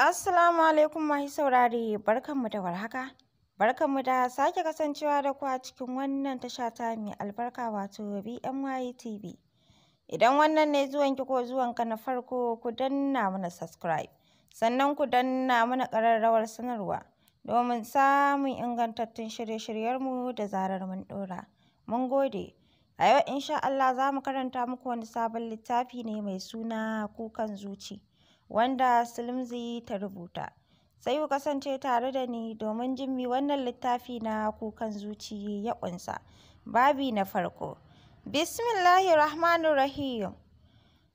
Assalamu alaikum masu saurare barkanmu da warhaka barkanmu da sake kasancewa da ku a cikin wannan tasha ta mai albarka wato BMY TV idan wannan ne zuwanki ko zuwanka na farko ku danna mana subscribe sannan ku danna mana ƙararrawar sanarwa domin samun ingantattun shirye-shiryenmu da zarar mun ɗora mun gode a yau insha Allah za mu karanta muku wani sabon littafi ne mai suna kukan zuci wanda Slimzy ta rubuta. Sai ku kasance tare da ni domin jin mi wannan littafi na kukan zuci ya ƙunsa. Babi na farko. Bismillahirrahmanirrahim.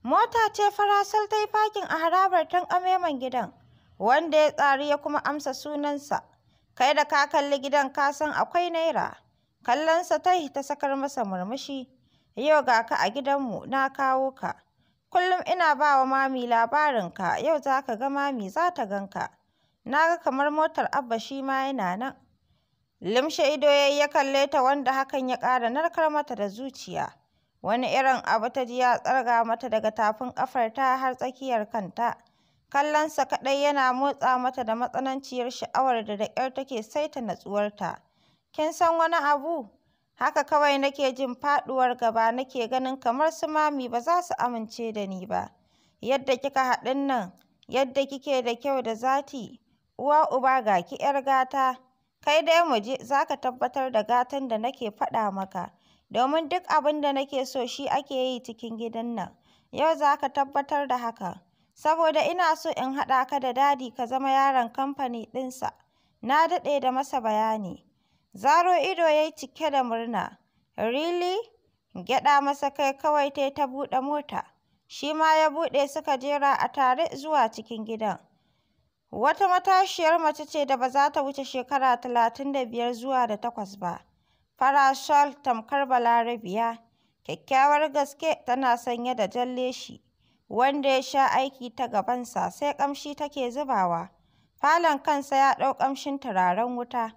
Mota ce farasal ta yi fakin a harabar tankameman gidan, wanda ya tsari ya kuma amsa sunansa. Kai da ka kalli gidan kasan akwai naira. Kallonsa ta ta sakar masa murmushi. Yau ga ka a gidanmu na kawo ka. Kullum ina ba wa Mami labarinka, yau za ka ga Mami za ta gan ka. Na ga kamar motar Abba shi ma yana nan. Limshe ido ya yi ya kalle ta wanda hakan ya ƙara narkar mata da zuciya. Wani irin abu ta ji ya tsarga mata daga tafin ƙafarta har tsakiyar kanta. Kallonsa kaɗai yana motsa mata da matsananciyar sha'awar da da ƙyar take saita natsuwarta. Kin san wani abu? Haka kawai nake jin faɗuwar gaba nake ganin kamar su mami ba za su amince da ni ba. Yadda kika haɗu nan, yadda kike da kyau da zati, uwa uba ga ki 'yar gata, kai dai mu je za ka tabbatar da gatan da nake faɗa maka, domin duk abin da nake so shi ake yi cikin gidan nan, yau za ka tabbatar da haka, saboda ina so in haɗa ka da dadi ka zama yaron kamfani ɗinsa, na daɗe da masa bayani. Zaro ido ya yi cike da murna. Really? Gyaɗa masa kai kawai ta yi ta buɗe mota. Shi ma ya buɗe suka jera a tare zuwa cikin gidan. Wata matashiyar mace ce da ba za ta wuce shekara talatin da biyar zuwa da takwas ba. Farasol tamkar Balarabiya, kyakkyawar gaske tana sanye da jan leshi, wanda ya sha aiki ta gabansa sai ƙamshi take zubawa. Falon kansa ya ɗau ƙamshin turaren wuta.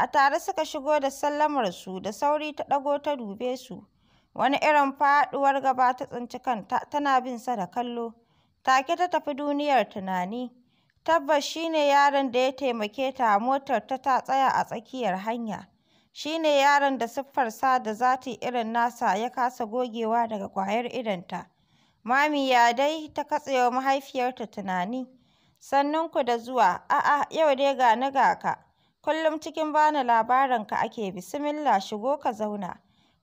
A tare suka shigo da sallamar su da sauri ta ɗago ta dube su. Wani irin faɗuwar gaba ta tsinci kanta tana bin sa da kallo. Take ta tafi duniyar tunani. Tabbas shine yaron da ya taimake ta motar ta ta tsaya a tsakiyar hanya. shine yaron da siffarsa da zati irin nasa ya kasa gogewa daga ƙwayar idonta. Mami ya dai ta katsewa mahaifiyarta tunani. Sannunku da zuwa, a'a yau dai ga ni ga ka. Kullum cikin bani ka ake, bisimilla shigo ka zauna.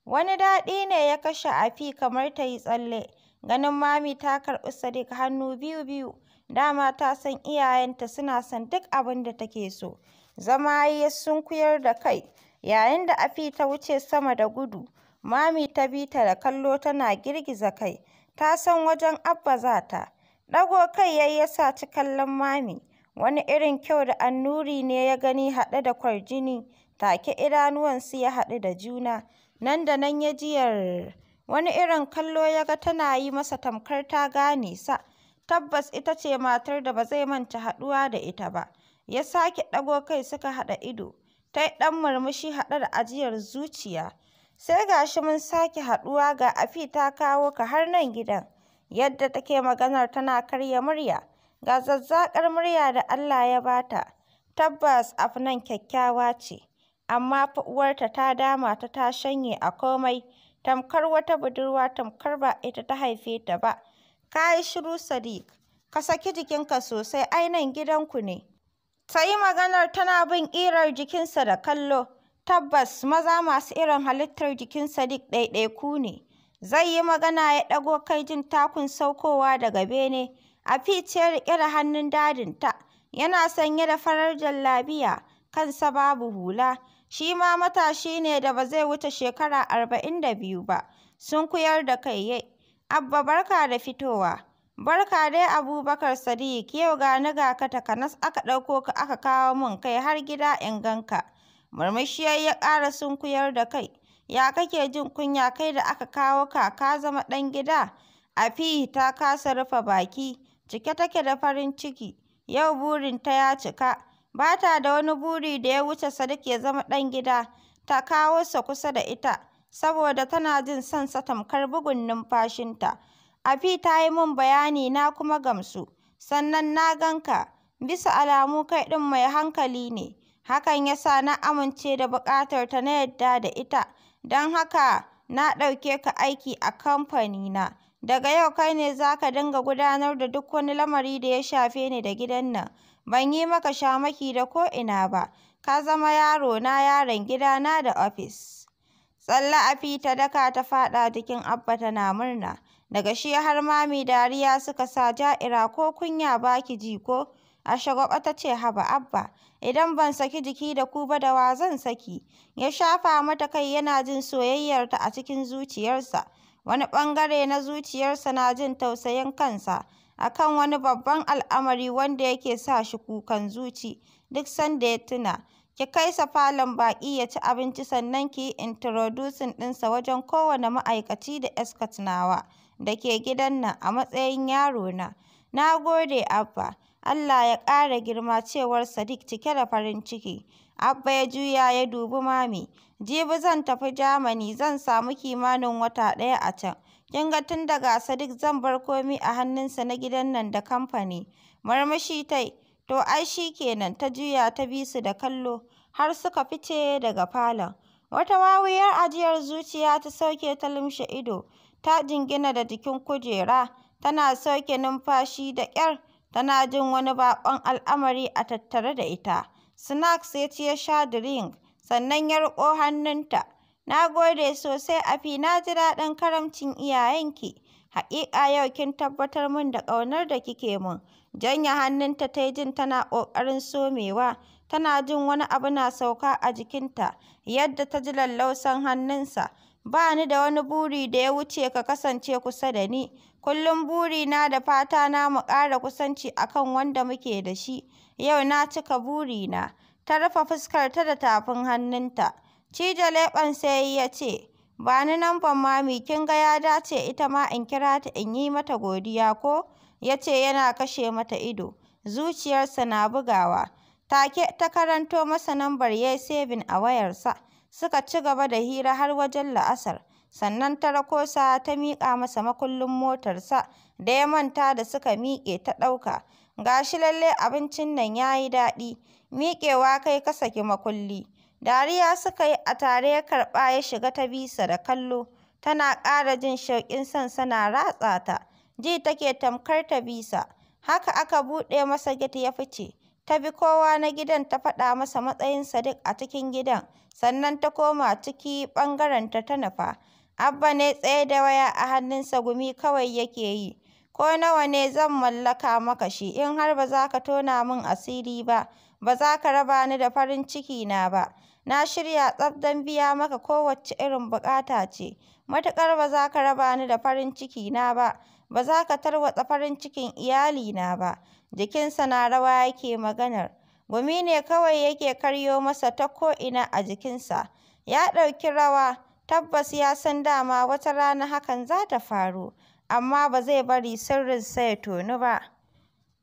Wani daɗi ne ya kashe Afi kamar ta yi tsalle, ganin Mami ta karɓi sadik hannu biyu-biyu, dama ta san iyayenta suna son duk abin da take so. Zama ya kuyar da kai, yayin da Afi ta wuce sama da gudu, Mami ta bi ta da kallo tana girgiza kai, ta san wajen Abba za ta. Ɗago kai ya yi ya saci kallon Mami. Wani irin kyau da annuri ne ya gani haɗe da kwarjini, take idanuwansu ya haɗu da juna, nan da nan ya ji wani irin kallo ya ga tana yi masa tamkar ta gane sa, tabbas ita ce matar da ba zai manta haɗuwa da ita ba, ya sake ɗago kai suka haɗa ido, ta yi ɗan murmushi haɗe da ajiyar zuciya, sai gashi mun sake haɗuwa ga Afi ta kawo ka har nan gidan, yadda take maganar tana karya murya. ga zazzakar murya da Allah ya bata ta. Tabbas Afnan kyakkyawa ce, amma fa uwarta ta dama ta ta shanye a komai, tamkar wata budurwa tamkar ba ita ta haife ta ba. Ka shiru Sadiq, ka saki jikinka sosai ai nan ku ne. Ta yi maganar tana bin ƙirar jikinsa da kallo. Tabbas maza masu irin halittar jikin Sadiq ɗaiɗaiku ne. Zai yi magana ya ɗago kai jin takun saukowa daga bene. Afeet ya riƙe da hannun dadinta, yana sanye da farar jallabiya, kansa babu hula. Shi ma matashi ne da ba zai wuce shekara arba'in da biyu ba. Sun kuyar da kai ye Abba barka da fitowa. Barka dai Abubakar Sadiq, yau ga ni ga ka takanas aka ɗauko ka aka kawo min kai har gida in ganka Murmushi ya ƙara sun sunkuyar da kai. Ya kake jin kunya kai da aka kawo ka ka zama ɗan gida? Afi ta kasa rufe baki. Cike take da farin ciki, yau burinta ya cika, ba ta da wani buri da ya wuce Sadiq ya zama ɗan gida, ta kawo sa kusa da ita, saboda tana jin son sa tamkar bugun numfashinta. Afi ta yi min bayani na kuma gamsu, sannan na ganka, bisa alamu kai ɗin mai hankali ne, hakan ya sa na amince da buƙatar ta na yadda da ita, don haka na ɗauke ka aiki a kamfanina. Daga yau kai ne za ka dinga gudanar da duk wani lamari da ya shafe ni da gidan nan. Ban yi maka shamaki da ko ina ba. Ka zama yarona, yaron gidana da ofis. Tsalle a fita daka ta faɗa jikin Abba tana murna. Daga shi har ma mai dariya suka sa ja'ira ko kunya baki ki ji ko? Ashagwaɓa ta ce haba Abba, idan ban saki jiki da ku ba da wa zan saki? Ya shafa mata kai yana jin soyayyarta a cikin zuciyarsa. Wani ɓangare na zuciyarsa na jin tausayin kansa a kan wani babban al'amari wanda yake sa shi kukan zuci duk sanda ya tuna. Ki kai sa falon baƙi ya ci abinci sannan ki yi introducing ɗinsa wajen kowane ma'aikaci da escort nawa da ke gidan nan a matsayin yarona. Na gode Abba, Allah ya ƙara girma, cewar Sadiq cike da farin ciki. Abba ya juya ya dubi Mami. Jibi zan tafi Jamani, zan samu kimanin wata ɗaya a can. Kin ga tun daga Sadiq zan bar komai a hannunsa na gidan nan da kamfani. marmashi ta yi. To ai shi kenan, ta juya ta bi su da kallo, har suka fice daga falon. Wata wawiyar ajiyar zuciya ta sauke ta lumshe ido, ta jingina da jikin kujera, tana sauke numfashi da ƙyar, tana jin wani baƙon al'amari a tattare da ita. Snacks ya ce ya sha drink, sannan ya riƙo hannunta. Na gode sosai Afi, na ji daɗin karamcin iyayenki. Haƙiƙa yau kin tabbatar min da ƙaunar da kike min. Janye hannunta ta yi jin tana ƙoƙarin somewa, tana jin wani abu na sauka a jikinta, yadda ta ji lallausan hannunsa. Ba ni da wani buri da ya wuce ka kasance kusa da ni, kullum buri na da fata na mu ƙara kusanci akan wanda muke da shi, yau na cika buri na Ta rufe fuskarta da tafin hannunta, cije leɓensa sai yi ya ce, ba ni lambar Mami, kin ga ya dace ita ma in kira ta in yi mata godiya ko? Ya ce yana kashe mata ido, zuciyarsa na bugawa. Take ta karanto masa nambar ya yi sebin a wayarsa. Suka ci gaba da hira har wajen la'asar, sannan ta ta miƙa masa makullin motarsa da ya manta da suka miƙe ta ɗauka. Ga shi lallai abincin nan ya yi daɗi, miƙewa kai ka saki makulli. Dariya suka yi a tare ya karɓa ya shiga ta bisa da kallo, tana ƙara jin shauƙin son sana ratsa ta, ji take tamkar ta bisa. Haka aka buɗe masa gate ya fice. ta bi kowa na gidan ta faɗa masa matsayin Sadiq a cikin gidan, sannan ta koma ciki ɓangarenta ta nufa. Abba ne tsaye da waya a hannunsa gumi kawai yake yi. Ko nawa ne zan mallaka maka shi in har ba za ka tona min asiri ba, ba za ka raba ni da farin ciki na ba. Na shirya tsaf biya maka kowacce irin bukata ce, matuƙar ba za ka raba ni da farin ciki na ba, ba za ka tarwatsa farin cikin iyali na ba. jikinsa na rawa yake maganar. Gumi ne kawai yake karyo masa ta ko'ina a jikinsa. Ya ɗauki rawa, tabbas ya san dama wata rana hakan za ta faru, amma ba zai bari sirrinsa ya tonu ba.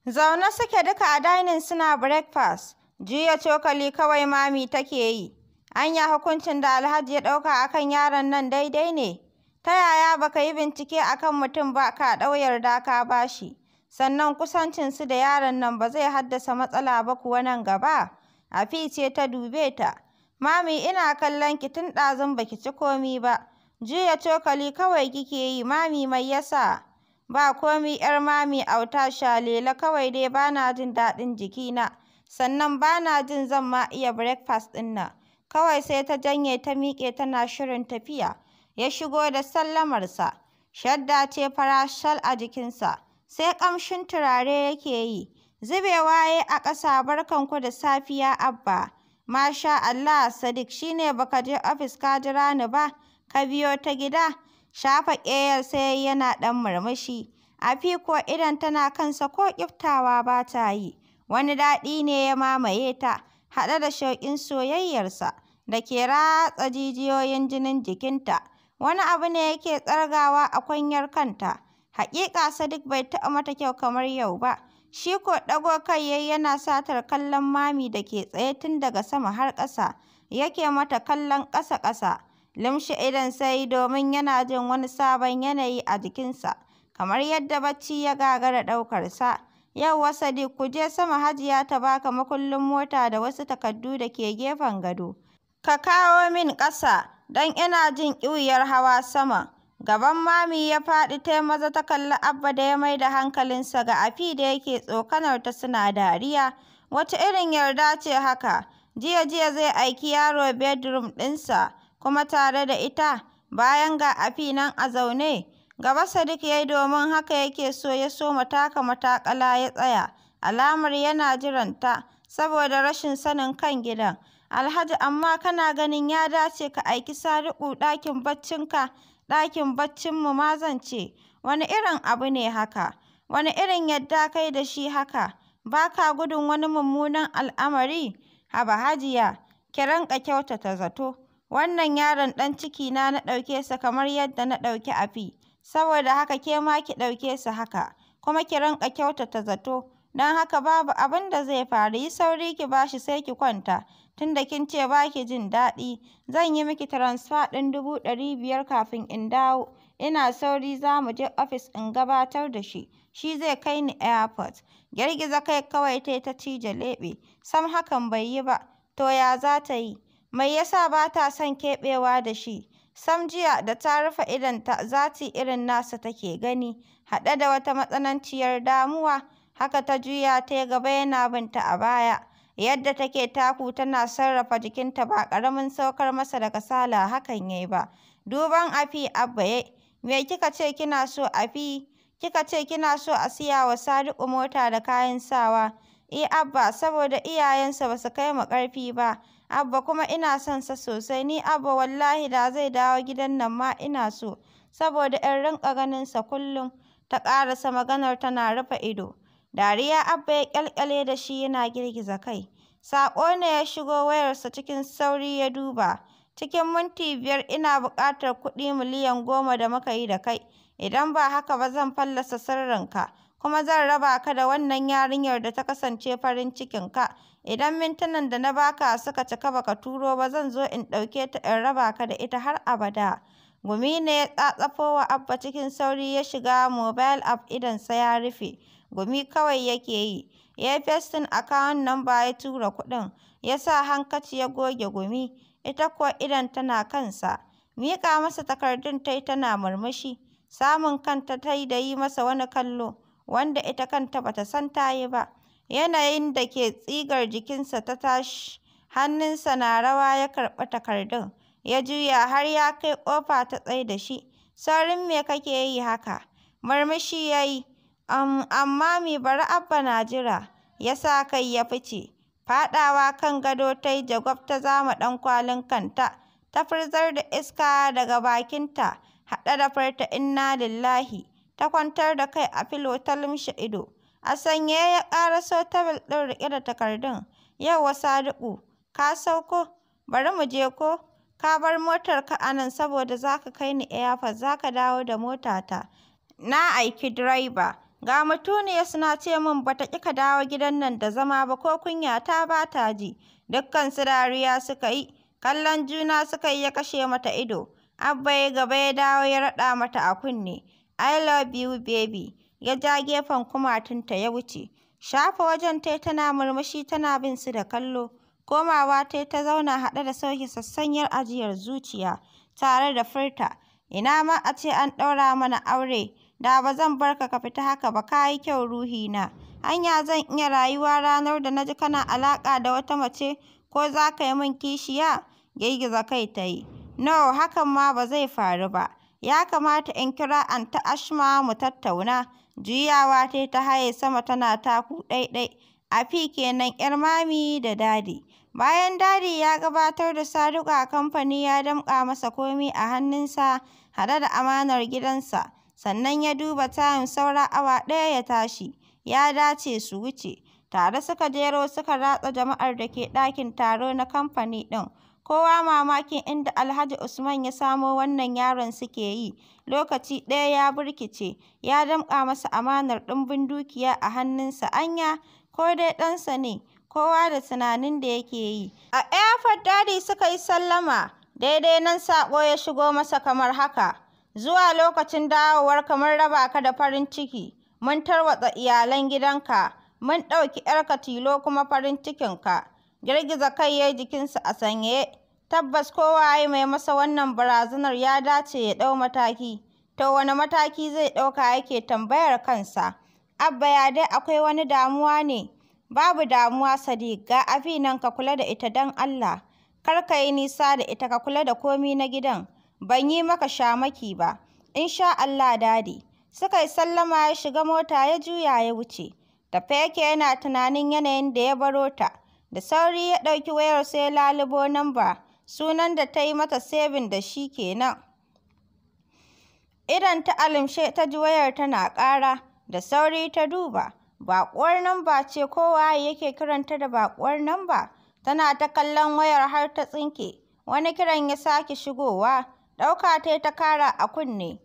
Zaune suke duka a dining suna breakfast, juya cokali kawai mami take yi. Anya hukuncin da Alhaji ya ɗauka akan yaron nan daidai ne? Ta yaya baka yi bincike akan mutum ba ka ɗau yarda ka bashi? sannan kusancinsu da yaron nan ba zai haddasa matsala ba kuwa nan gaba? a ce ta dube ta. Mami ina kallon ki tun ɗazun ba ki ci komi ba. Juya cokali kawai kike yi, mami mai yasa? Ba komi 'yar mami auta shalela kawai dai bana jin daɗin jikina. Sannan bana jin zan ma iya breakfast ɗin nan. Kawai sai ta janye ta miƙe tana shirin tafiya. Ya shigo da sallamarsa. Shadda ce farashal a jikinsa. sai ƙamshin turare yake yi. Zubewa ya a ƙasa barkanku da safiya Abba. Masha Allah Sadiq shi ne ba ka je ofis ka jira ni ba, ka biyo ta gida. Shafa ƙeyar sai yana ɗan murmushi. Afi ko idan tana kansa ko ƙiftawa ba ta yi. Wani daɗi ne ya mamaye ta, haɗe da shauƙin soyayyarsa da ke ratsa jijiyoyin jinin jikinta. Wani abu ne yake tsargawa a kwanyar kanta. Haƙiƙa Sadiq bai taɓa mata kyau kamar yau ba. Shi ko ɗago kai yayi yana satar kallon Mami da ke tsaye tun daga sama har ƙasa, yake mata kallon ƙasa-ƙasa. limshi idan sai domin yana jin wani sabon yanayi a jikinsa, kamar yadda bacci ya gagara ɗaukarsa. Yauwa Sadiq ku je sama Hajiya ta baka makullin mota da wasu takardu da ke gefen gado. Ka kawo min ƙasa don ina jin ƙiwuyar hawa sama. Gaban Mami ya faɗi ta maza ta kalli Abba da ya mai da hankalinsa ga Afi da yake tsokanar ta suna dariya. Wata irin yarda ce haka, jiya jiya zai aiki yaro bedroom ɗinsa kuma tare da ita, bayan ga Afi nan a zaune. Gaba Sadiq ya yi domin haka yake so ya so mataka matakala ya tsaya, alamar yana jiranta saboda rashin sanin kan gidan. Alhaji amma kana ganin ya dace ka aiki Sariƙu ɗakin baccinka ɗakin baccinmu ma zan ce, wani irin abu ne haka, wani irin yadda kai da shi haka, ba ka gudun wani mummunan al'amari? Haba Hajiya, ki rinƙa kyautata zato, wannan yaron ɗan cikina na ɗauke sa kamar yadda na ɗauki Afi, saboda haka ke ma ki ɗauke sa haka, kuma ki rinƙa kyautata zato, don haka babu abin da zai faru, yi sauri ki ba shi sai ki kwanta. tunda kin ce ba ki jin daɗi, zan yi miki transfer ɗin dubu ɗari biyar kafin in dawo, ina sauri za mu je ofis in gabatar da shi, shi zai kai ni airport. Girgiza kai kawai ta yi ta cije leɓe, sam hakan bai yi ba, to ya za ta yi? Mai ya sa ba ta son keɓewa da shi? Sam jiya da ta rufe idonta zati irin nasa take gani, haɗe da wata matsananciyar damuwa, haka ta juya ta yi gaba yana binta a baya. Yadda take taku tana sarrafa jikinta ba ƙaramin saukar masa da kasala hakan ya ba. Duban Afi Abba ya me kika ce kina so Afi? Kika ce kina so a siya wa Sadiku mota da kayan sawa. E, Abba saboda iyayensa ba su kai mu ƙarfi ba. Abba kuma ina son sa sosai ni Abba wallahi da zai dawo gidan nan ma ina so. Saboda in rinƙa ganin sa kullum. Ta ƙarasa maganar tana rufe ido. Dariya Abba ya ƙyalƙyale da shi yana girgiza kai. Saƙo ne ya shigo wayarsa cikin sauri ya duba. Cikin minti biyar ina buƙatar kuɗi miliyan goma da muka yi da kai. Idan ba haka ba zan fallasa sirrinka. Kuma zan raba ka da wannan yarinyar da ta kasance farin cikinka. Idan mintunan da na baka suka cika baka turo ba zan zo in ɗauke ta in raba ka da ita har abada. Gumi ne ya tsatsafo wa Abba cikin sauri ya shiga mobile app idonsa ya rufe. gumi kawai yake yi. Ya yi festin akawun namba ya tura kuɗin, ya sa hankaci ya goge gumi, ita kuwa idan tana kansa. Miƙa masa takardun ta yi tana murmushi, samun kanta ta yi da yi masa wani kallo, wanda ita kanta ba ta san ta yi ba. Yanayin da ke tsigar jikinsa ta tashi, hannunsa na rawa ya karɓi takardun, ya juya har ya kai ƙofa ta tsai da shi. Saurin me kake yi haka? Murmushi ya yi. Amma mi bari Abba na jira, ya sa kai ya fice. Faɗawa kan gado ta yi jagwab ta zama ɗan kwalin kanta, ta furzar da iska daga bakinta haɗe da farta inna lillahi, ta kwantar da kai a filo ta lumshe ido. A sanye ya ƙara so ta ɗin riƙe da takardun. Yauwa Sadiku, ka sauko? Bari mu je ko? Ka bar motarka a nan saboda za ka kai ni airport za ka dawo da motata. Na aiki direba. Ga mutuniyar suna ce min ba ta kika dawo gidan nan da zama ba ko kunya ta ba ta ji. su dariya suka yi, kallon juna suka yi ya kashe mata ido. Abba ya gaba ya dawo ya raɗa mata a kunne. I love you baby. Ya ja gefen kumatunta ya wuce. Shafa wajen tai tana murmushi tana bin su da kallo. Komawa tai ta zauna haɗe da sauki sassanyar ajiyar zuciya tare da furta. Ina ma a ce an ɗaura mana aure. da ba zan bar ka ka fita haka ba ka yi kyau ruhina Hanya zan iya rayuwa ranar da na ji kana alaƙa da wata mace ko za ka yi min kishiya girgiza kai ta yi no hakan ma ba zai faru ba ya kamata in kira anta ashma mu tattauna juyawa ta ta haye sama tana taku ɗaiɗai afi kenan yar mami da dadi bayan dadi ya gabatar da saduka kamfani ya damƙa masa komi a hannunsa haɗe da amanar gidansa sannan ya duba tayin saura awa ɗaya ya tashi, ya dace su wuce. Tare suka jero suka ratsa jama'ar da ke ɗakin taro na kamfani ɗin. Kowa mamakin inda Alhaji Usman ya samo wannan yaron suke yi, lokaci ɗaya ya burkice, ya damƙa masa amanar ɗumbin dukiya a hannunsa, anya ko dai ɗansa ne, kowa da tunanin da yake yi. A airport Dadi suka yi sallama, daidai nan saƙo ya shigo masa kamar haka. Zuwa lokacin dawowar kamar raba ka da farin ciki, mun tarwatsa iyalan gidanka, mun ɗauki ‘yarka tilo kuma farin cikinka. Girgiza kai ya yi jikinsa a sanye. Tabbas kowaye mai masa wannan barazanar ya dace ya ɗau mataki. To Wani mataki zai ɗauka yake tambayar kansa. Abba ya dai akwai wani damuwa ne? Babu damuwa Sadiq, ga abi nan ka kula da ita don Allah. Kar ka yi nisa da ita ka kula da komi na gidan. ban yi maka shamaki ba, insha Allah dadi. Suka yi sallama ya shiga mota ya juya ya wuce. Tafe yake yana tunanin yanayin da ya baro ta. Da sauri ya ɗauki wayar sai lalubo namba, sunan da ta yi mata sebin da shi kenan. Idan ta alimshe ta ji wayar tana ƙara, da sauri ta duba. Baƙuwar namba ce kowa yake kiranta da baƙuwar namba. Tana ta kallon wayar har ta tsinke. Wani kiran ya sake shigowa. ɗauka tai ta kara a kunne,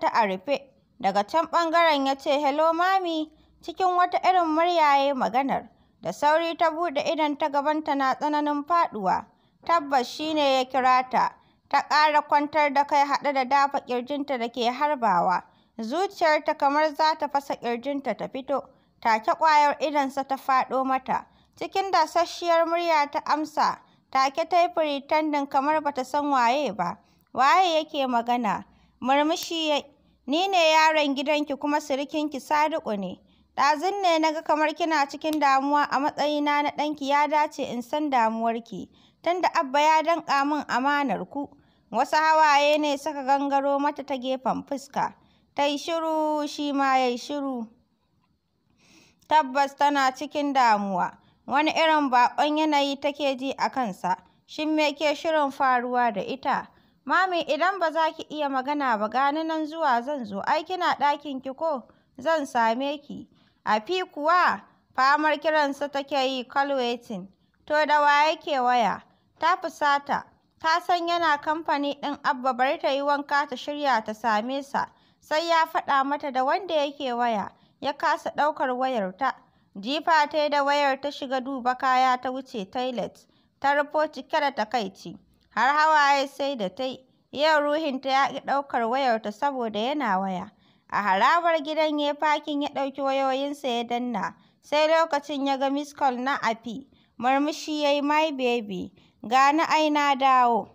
ta a rufe. Daga can ɓangaren ya ce, “Hello Mami,” cikin wata irin murya ya maganar. Da sauri ta buɗe ta gaban ta na tsananin faɗuwa. Tabbas shi ne ya kira ta. Ta ƙara kwantar da kai haɗe da dafa ƙirjinta da ke harbawa. Zuciyarta kamar za ta fasa ƙirjinta ta fito. Take ƙwayar idonsa ta faɗo mata. Cikin dasasshiyar murya ta amsa, take ta yi kamar bata san waye ba. Waye yake magana? Murmushi ya Ni ne yaron gidanki kuma sirikinki Sadiku ne. Ɗazun ne na ga kamar kina cikin damuwa a matsayina na ɗanki ya dace in san damuwarki. Tunda Abba ya danƙa min amanar ku. Wasu hawaye ne suka gangaro mata ta gefen fuska. Ta yi shiru shi ma ya yi shiru. Tabbas tana cikin damuwa. Wani irin baƙon yanayi take ji a kansa. Shin me ke shirin faruwa da ita? Mami idan ba za ki iya magana ba gani nan zuwa zan zo, ai kina ɗakin ki ko? Zan same ki. A fi kuwa famar kiransa take yi call waiting. To da wa yake waya? Ta fusata. Ta san yana kamfani ɗin Abba bari ta yi wanka ta shirya ta same sa. Sai ya faɗa mata da wanda yake waya. Ya kasa ɗaukar wayar ta. Jifa ta da wayar ta shiga duba kaya ta wuce toilet. Ta rufo cike da takaici. har hawaye sai da ta yi. Yau ruhinta ya ƙi ɗaukar wayarta saboda yana waya. A harabar gidan ya fakin ya ɗauki wayoyinsa ya danna, sai lokacin ya ga miss na Afi. Murmushi ya yi my baby, gani ai na dawo.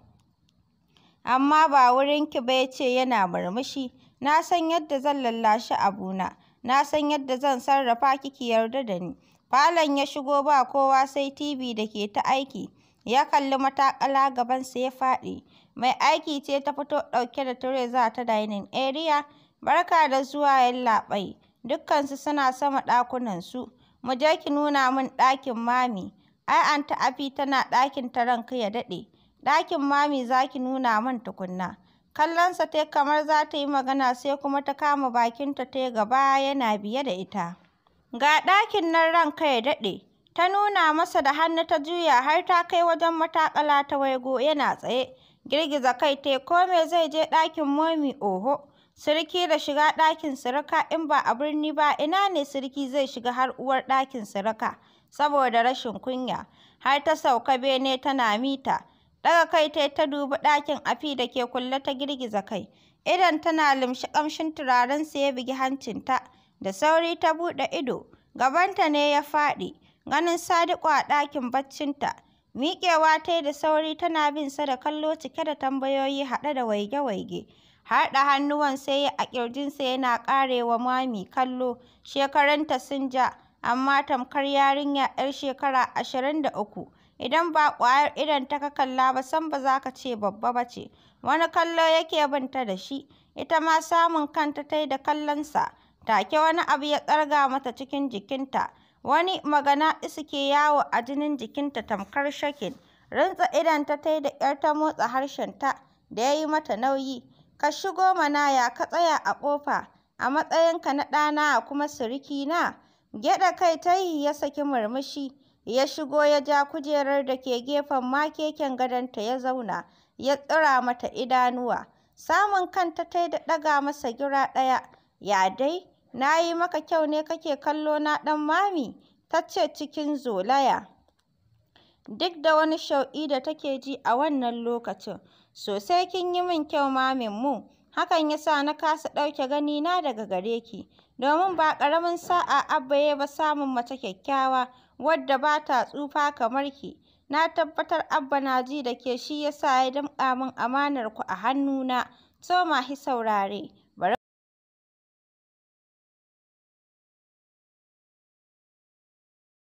Amma ba wurin ki ba ya ce yana murmushi, na san yadda zan lallashi abuna, na san yadda zan sarrafa kiki yarda da ni. Falon ya shigo ba kowa sai TV da ke ta aiki. ya kalli matakala gabansa ya faɗi. Mai aiki ce ta fito ɗauke da tire za ta dining area. Barka da zuwa yallaɓai. Dukkansu suna sama ɗakunansu. Mu je ki nuna min ɗakin mami. Ai Anta Afi tana ɗakin ta ranka ya daɗe. Ɗakin mami za ki nuna min tukunna. Kallonsa ta kamar za ta yi magana sai kuma ta kama bakinta ta gaba yana biye da ita. Ga ɗakin nan ranka ya daɗe. ta nuna masa da hannu ta juya har ta kai wajen matakala ta waigo yana tsaye girgiza kai te ko me zai je ɗakin momi oho sirki da shiga ɗakin sirika in ba a birni ba ina ne sirki zai shiga har uwar ɗakin sirika saboda rashin kunya har ta sauka bene tana mita daga kai te ta dubi ɗakin afi da ke kulle ta girgiza kai idan tana limshi ƙamshin turaren sa ya bugi hancinta da sauri ta buɗe ido gabanta ne ya faɗi ganin Sadiƙo a ɗakin baccinta. Miƙewa ta da sauri tana bin sa da kallo cike da tambayoyi haɗe da waige-waige. Haɗa hannuwan sai ya a ƙirjinsa yana ƙarewa Mami kallo. Shekaranta sun ja, amma tamkar yarinya 'yar shekara ashirin da uku. Idan ba ƙwayar idon ta ka kalla ba san ba za ka ce babba ba ce. Wani kallo yake binta da shi. Ita ma samun kanta ta yi da kallonsa. Take wani abu ya tsarga mata cikin jikinta. wani magana suke yawo a jinin jikinta tamkar shakin. rantsa idonta ta yi da ƴar ta motsa harshen ta da ya yi mata nauyi. Ka shigo manaya ka tsaya a ƙofa a matsayinka na ɗana kuma sirikina. Gyaɗa kai ta yi ya saki murmushi. Ya shigo ya ja kujerar da ke gefen makeken gadonta ya zauna. Ya tsira mata idanuwa. Samun kanta ta da ɗaga masa gira ɗaya. Ya dai? Na yi maka kyau ne kake kallo na ɗan mami? ta ce cikin zolaya. Duk da wani shauƙi da take ji a wannan lokacin, sosai kin yi min kyau mamin mu, hakan ya sa na kasa ɗauke ganina daga gare ki, domin ba ƙaramin sa'a Abba ya ba samun mace kyakkyawa wadda ba ta tsufa kamar ki. Na tabbatar Abba na ji da ke shi ya sa ya damƙa min amanar ku a hannuna, Toma ma hi saurare.